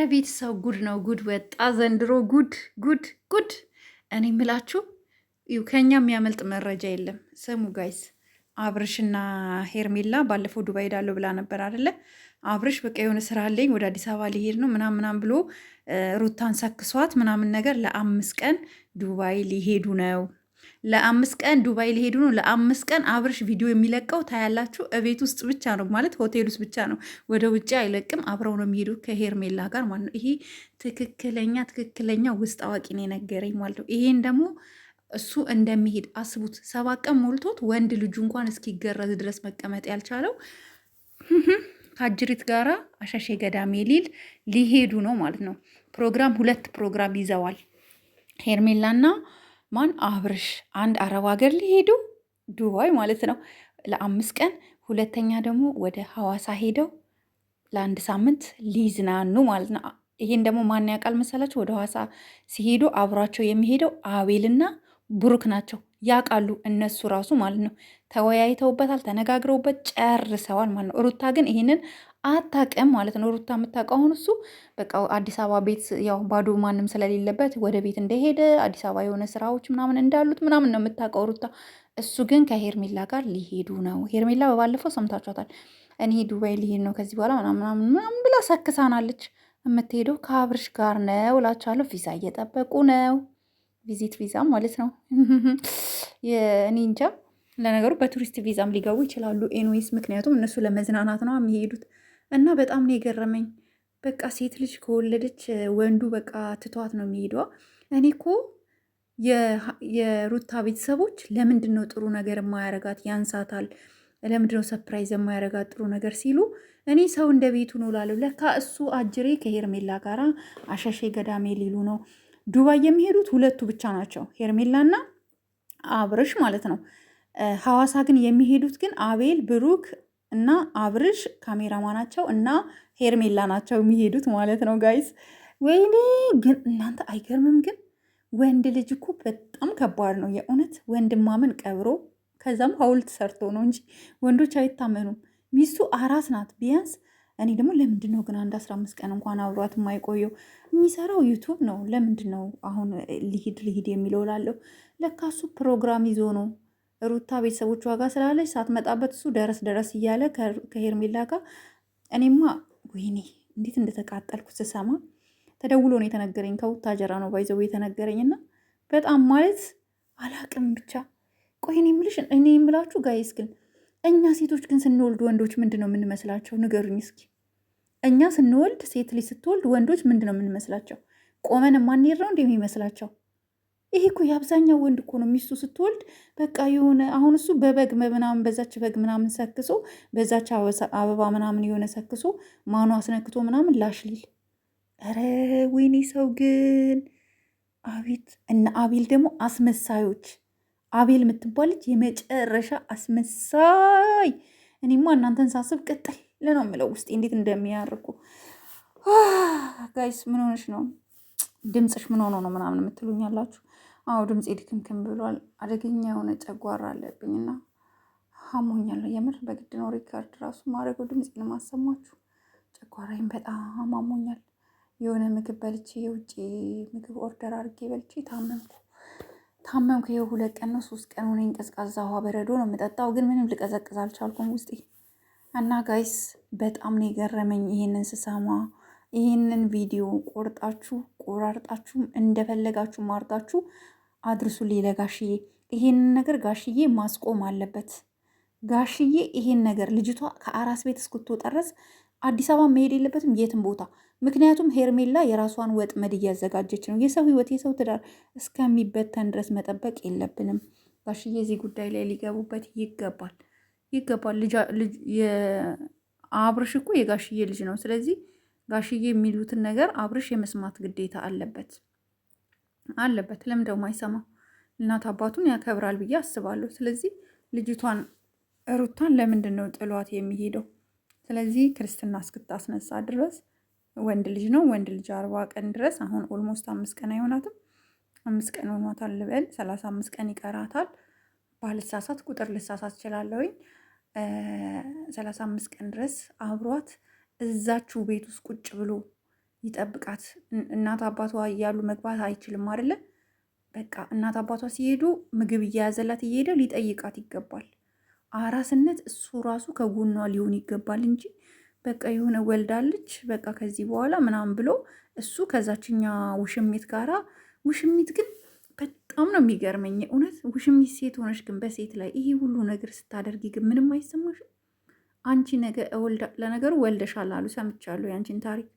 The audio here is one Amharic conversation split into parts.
አረ ቤተሰብ ጉድ ነው፣ ጉድ ወጣ ዘንድሮ። ጉድ ጉድ ጉድ! እኔ ምላችሁ ከኛ የሚያመልጥ መረጃ የለም። ስሙ ጋይስ፣ አብርሽና ሄርሜላ ባለፈው ዱባይ ሄዳለሁ ብላ ነበር አደለ? አብርሽ በቃ የሆነ ስራ አለኝ ወደ አዲስ አበባ ሊሄድ ነው ምናም ምናም ብሎ ሩታን ሰክሷት ምናምን ነገር ለአምስት ቀን ዱባይ ሊሄዱ ነው ለአምስት ቀን ዱባይ ሊሄዱ ነው። ለአምስት ቀን አብርሽ ቪዲዮ የሚለቀው ታያላችሁ። እቤት ውስጥ ብቻ ነው ማለት ሆቴል ውስጥ ብቻ ነው፣ ወደ ውጭ አይለቅም። አብረው ነው የሚሄዱ ከሄርሜላ ጋር ማለት ነው። ይሄ ትክክለኛ ትክክለኛ ውስጥ አዋቂ ነው የነገረኝ ማለት ነው። ይሄን ደግሞ እሱ እንደሚሄድ አስቡት። ሰባት ቀን ሞልቶት ወንድ ልጁ እንኳን እስኪገረዝ ድረስ መቀመጥ ያልቻለው ከአጅሪት ጋራ አሻሼ ገዳሜ ሊል ሊሄዱ ነው ማለት ነው። ፕሮግራም ሁለት ፕሮግራም ይዘዋል ሄርሜላና ማን አብርሽ አንድ አረብ ሀገር ሊሄዱ ዱባይ ማለት ነው ለአምስት ቀን ሁለተኛ ደግሞ ወደ ሐዋሳ ሄደው ለአንድ ሳምንት ሊዝናኑ ማለት ነው። ይሄን ደግሞ ማን ያውቃል መሰላቸው? ወደ ሐዋሳ ሲሄዱ አብሯቸው የሚሄደው አቤልና ብሩክ ናቸው። ያውቃሉ እነሱ ራሱ ማለት ነው። ተወያይተውበታል፣ ተነጋግረውበት ጨርሰዋል ማለት ነው። ሩታ ግን ይሄንን አታቅም ማለት ነው። ሩታ የምታውቀው እሱ በቃ አዲስ አበባ ቤት ያው ባዶ ማንም ስለሌለበት ወደ ቤት እንደሄደ አዲስ አበባ የሆነ ስራዎች ምናምን እንዳሉት ምናምን ነው የምታውቀው ሩታ። እሱ ግን ከሄርሜላ ጋር ሊሄዱ ነው። ሄርሜላ በባለፈው ሰምታችኋታል። እኔ ዱባይ ሊሄድ ነው ከዚህ በኋላ ምናምን ምናምን ብላ ሰክሳናለች። የምትሄደው ከአብርሽ ጋር ነው እላችኋለሁ። ቪዛ እየጠበቁ ነው። ቪዚት ቪዛ ማለት ነው። እኔ እንጃ። ለነገሩ በቱሪስት ቪዛም ሊገቡ ይችላሉ። ኤንዌይስ ምክንያቱም እነሱ ለመዝናናት ነው የሚሄዱት። እና በጣም ነው የገረመኝ። በቃ ሴት ልጅ ከወለደች ወንዱ በቃ ትቷት ነው የሚሄደዋ። እኔ እኮ የሩታ ቤተሰቦች ለምንድን ነው ጥሩ ነገር የማያረጋት ያንሳታል፣ ለምንድን ነው ሰፕራይዝ የማያረጋት ጥሩ ነገር ሲሉ እኔ ሰው እንደ ቤቱ ነው ላለው። ለካ እሱ አጅሬ ከሄርሜላ ጋር አሸሼ ገዳሜ ሊሉ ነው ዱባይ የሚሄዱት ሁለቱ ብቻ ናቸው፣ ሄርሜላና አብርሽ ማለት ነው። ሐዋሳ ግን የሚሄዱት ግን አቤል ብሩክ እና አብርሽ ካሜራማ ናቸው እና ሄርሜላ ናቸው የሚሄዱት ማለት ነው ጋይስ። ወይኔ ግን እናንተ አይገርምም? ግን ወንድ ልጅ እኮ በጣም ከባድ ነው የእውነት ወንድማምን ቀብሮ ከዛም ሀውልት ሰርቶ ነው እንጂ ወንዶች አይታመኑም። ሚስቱ አራስ ናት ቢያንስ። እኔ ደግሞ ለምንድን ነው ግን አንድ አስራ አምስት ቀን እንኳን አብሯት የማይቆየው? የሚሰራው ዩቱብ ነው። ለምንድን ነው አሁን ልሂድ ልሂድ የሚለው ላለው ለካሱ ፕሮግራም ይዞ ነው ሩታ ቤተሰቦቿ ጋር ስላለች ሳትመጣበት እሱ ደረስ ደረስ እያለ ከሄርሜላ ጋር እኔማ ወይኔ እንዴት እንደተቃጠልኩ ስሰማ ተደውሎ ነው የተነገረኝ። ጀራ ነው ባይዘው የተነገረኝ የተነገረኝና በጣም ማለት አላቅም ብቻ። ቆይ እኔ የምልሽ እኔ የምላችሁ ጋይስ ግን እኛ ሴቶች ግን ስንወልድ ወንዶች ምንድን ነው የምንመስላቸው? ንገሩኝ እስኪ። እኛ ስንወልድ ሴት ልጅ ስትወልድ ወንዶች ምንድን ነው የምንመስላቸው? ቆመን ማንሄድ ነው እንደ የሚመስላቸው ይሄ እኮ የአብዛኛው ወንድ እኮ ነው። ሚስቱ ስትወልድ በቃ የሆነ አሁን እሱ በበግ ምናምን በዛች በግ ምናምን ሰክሶ በዛች አበባ ምናምን የሆነ ሰክሶ ማኑ አስነክቶ ምናምን ላሽሊል። ኧረ ወይኔ ሰው ግን አቤት! እና አቤል ደግሞ አስመሳዮች። አቤል የምትባለች የመጨረሻ አስመሳይ። እኔማ እናንተን ሳስብ ቅጥል ለነው የምለው ውስጤ እንዴት እንደሚያርኩ ጋይስ። ምን ሆነሽ ነው ድምፅሽ ምን ሆኖ ነው ምናምን የምትሉኝ ያላችሁ አዎ ድምፅ ድክምክም ብሏል። አደገኛ የሆነ ጨጓራ አለብኝ እና ሀሞኛል። የምር በግድ ነው ሪካርድ ራሱ ማድረገው ድምፄን ማሰማችሁ። ጨጓራይም በጣም አሞኛል። የሆነ ምግብ በልቼ የውጭ ምግብ ኦርደር አድርጌ በልቼ ታመምኩ ታመምኩ። ይኸው ሁለት ቀን ነው ሶስት ቀን ሆነኝ። ቀዝቃዛ ውሃ በረዶ ነው የምጠጣው፣ ግን ምንም ልቀዘቅዝ አልቻልኩም ውስጤ እና ጋይስ በጣም ነው የገረመኝ ይሄንን ስሰማ ይህንን ቪዲዮ ቆርጣችሁ ቆራርጣችሁ እንደፈለጋችሁ ማርጣችሁ አድርሱልኝ ለጋሽዬ። ይህንን ነገር ጋሽዬ ማስቆም አለበት። ጋሽዬ ይሄን ነገር ልጅቷ ከአራስ ቤት እስክትወጣ ድረስ አዲስ አበባ መሄድ የለበትም የትም ቦታ። ምክንያቱም ሄርሜላ የራሷን ወጥመድ እያዘጋጀች ነው። የሰው ህይወት የሰው ትዳር እስከሚበተን ድረስ መጠበቅ የለብንም። ጋሽዬ እዚህ ጉዳይ ላይ ሊገቡበት ይገባል ይገባል። አብርሽ እኮ የጋሽዬ ልጅ ነው። ስለዚህ ጋሽዬ የሚሉትን ነገር አብርሽ የመስማት ግዴታ አለበት አለበት። ለምን ደግሞ አይሰማው? እናት አባቱን ያከብራል ብዬ አስባለሁ። ስለዚህ ልጅቷን ሩታን ለምንድን ነው ጥሏት የሚሄደው? ስለዚህ ክርስትና እስክታስነሳ ድረስ ወንድ ልጅ ነው። ወንድ ልጅ አርባ ቀን ድረስ አሁን ኦልሞስት አምስት ቀን አይሆናትም፣ አምስት ቀን ሆኗታል ልበል፣ ሰላሳ አምስት ቀን ይቀራታል። ባልሳሳት ቁጥር ልሳሳት እችላለሁ። ሰላሳ አምስት ቀን ድረስ አብሯት እዛችሁ ቤት ውስጥ ቁጭ ብሎ ይጠብቃት። እናት አባቷ እያሉ መግባት አይችልም አይደለ? በቃ እናት አባቷ ሲሄዱ ምግብ እየያዘላት እየሄደ ሊጠይቃት ይገባል። አራስነት እሱ ራሱ ከጎኗ ሊሆን ይገባል እንጂ በቃ የሆነ ወልዳለች በቃ ከዚህ በኋላ ምናምን ብሎ እሱ ከዛችኛ ውሽሚት ጋራ ውሽሚት ግን በጣም ነው የሚገርመኝ እውነት። ውሽሚት ሴት ሆነች ግን በሴት ላይ ይሄ ሁሉ ነገር ስታደርጊ ግን ምንም አይሰማሽም? አንቺ ነገ ለነገሩ ወልደሻል አሉ ሰምቻለሁ። የአንቺን ታሪክ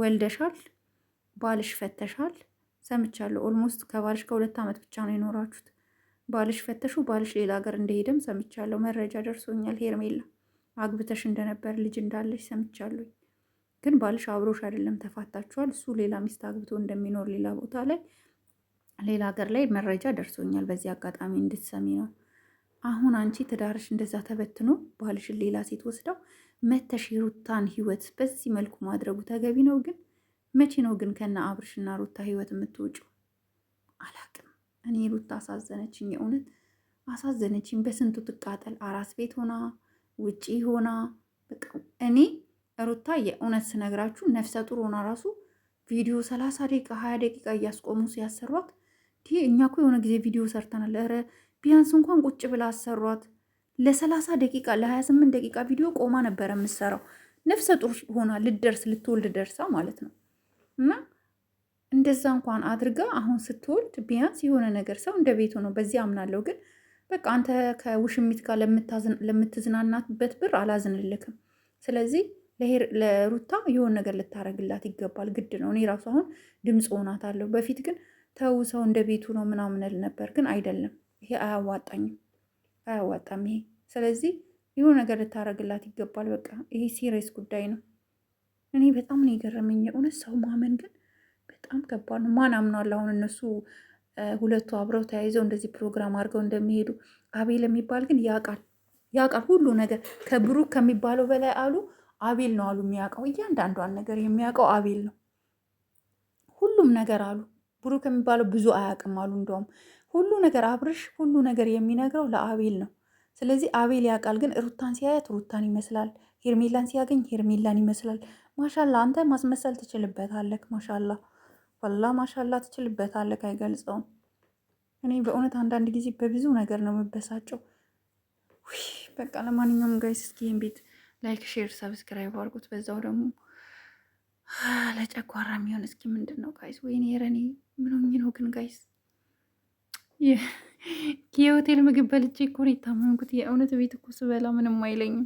ወልደሻል፣ ባልሽ ፈተሻል ሰምቻለሁ። ኦልሞስት ከባልሽ ከሁለት ዓመት ብቻ ነው የኖራችሁት። ባልሽ ፈተሹ፣ ባልሽ ሌላ ሀገር እንደሄደም ሰምቻለሁ። መረጃ ደርሶኛል። ሄርሜላ አግብተሽ እንደነበር ልጅ እንዳለሽ ሰምቻለሁ። ግን ባልሽ አብሮሽ አይደለም፣ ተፋታችኋል። እሱ ሌላ ሚስት አግብቶ እንደሚኖር ሌላ ቦታ ላይ ሌላ ሀገር ላይ መረጃ ደርሶኛል። በዚህ አጋጣሚ እንድትሰሚ ነው። አሁን አንቺ ትዳርሽ እንደዛ ተበትኖ ባልሽን ሌላ ሴት ወስደው መተሽ የሩታን ህይወት በዚህ መልኩ ማድረጉ ተገቢ ነው? ግን መቼ ነው ግን ከነ አብርሽና ሩታ ህይወት የምትውጭው አላቅም። እኔ ሩታ አሳዘነችኝ፣ የእውነት አሳዘነችኝ። በስንቱ ትቃጠል፣ አራስ ቤት ሆና ውጪ ሆና በቃ እኔ ሩታ የእውነት ስነግራችሁ ነፍሰ ጡር ሆና ራሱ ቪዲዮ ሰላሳ ደቂቃ ሀያ ደቂቃ እያስቆሙ ሲያሰሯት እኛ እኮ የሆነ ጊዜ ቪዲዮ ሰርተናል። ኧረ ቢያንስ እንኳን ቁጭ ብላ አሰሯት። ለሰላሳ ደቂቃ ለ28 ደቂቃ ቪዲዮ ቆማ ነበረ የምትሰራው። ነፍሰ ጡር ሆና ልደርስ ልትወልድ ደርሳ ማለት ነው። እና እንደዛ እንኳን አድርጋ አሁን ስትወልድ ቢያንስ የሆነ ነገር ሰው እንደ ቤቱ ነው። በዚህ አምናለሁ። ግን በቃ አንተ ከውሽሚት ጋር ለምትዝናናበት ብር አላዝንልክም። ስለዚህ ለሩታ የሆነ ነገር ልታደረግላት ይገባል፣ ግድ ነው። እኔ ራሱ አሁን ድምፅ ሆናታለሁ። በፊት ግን ተው ሰው እንደ ቤቱ ነው ምናምን ነበር፣ ግን አይደለም ይሄ አያዋጣኝም፣ አያዋጣም ይሄ። ስለዚህ የሆነ ነገር ልታደርግላት ይገባል። በቃ ይሄ ሲሪየስ ጉዳይ ነው። እኔ በጣም ነው የገረመኝ የእውነት ሰው ማመን ግን በጣም ከባድ ነው። ማን አምኗል አሁን እነሱ ሁለቱ አብረው ተያይዘው እንደዚህ ፕሮግራም አድርገው እንደሚሄዱ አቤል የሚባል ግን ያውቃል ያውቃል ሁሉ ነገር ከብሩክ ከሚባለው በላይ አሉ አቤል ነው አሉ የሚያውቀው እያንዳንዷን ነገር የሚያውቀው አቤል ነው ሁሉም ነገር አሉ ብሩክ የሚባለው ብዙ አያውቅም አሉ እንደውም ሁሉ ነገር አብርሽ ሁሉ ነገር የሚነግረው ለአቤል ነው። ስለዚህ አቤል ያውቃል። ግን ሩታን ሲያያት ሩታን ይመስላል፣ ሄርሜላን ሲያገኝ ሄርሜላን ይመስላል። ማሻላ አንተ ማስመሰል ትችልበታለህ። ማሻላ ወላ ማሻላ ትችልበታለህ። አይገልጸውም። እኔ በእውነት አንዳንድ ጊዜ በብዙ ነገር ነው የምበሳጨው። በቃ ለማንኛውም ጋይስ እስኪ ይህን ቤት ላይክ፣ ሼር፣ ሰብስክራይብ አድርጉት። በዛው ደግሞ ለጨጓራ የሚሆን እስኪ ምንድን ነው ጋይስ? ወይኔ ረኔ ምን ነው ግን ጋይስ የሆቴል ምግብ በልቼ እኮ ነው የታመምኩት። የእውነት ቤት እኮ ስበላ ምንም አይለኝም፣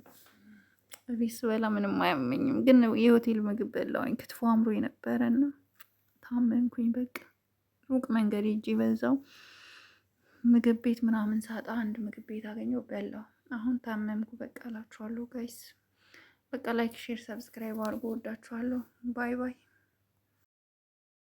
ቤት ስበላ ምንም አያመኝም። ግን የሆቴል ምግብ በላዋኝ ክትፎ አምሮ የነበረና ታመምኩኝ። በቃ ሩቅ መንገድ ሂጅ በዛው ምግብ ቤት ምናምን ሳጣ አንድ ምግብ ቤት አገኘው በላው። አሁን ታመምኩ። በቃ እላችኋለሁ ጋይስ። በቃ ላይክ፣ ሼር፣ ሰብስክራይብ አድርጎ ወዳችኋለሁ። ባይ ባይ።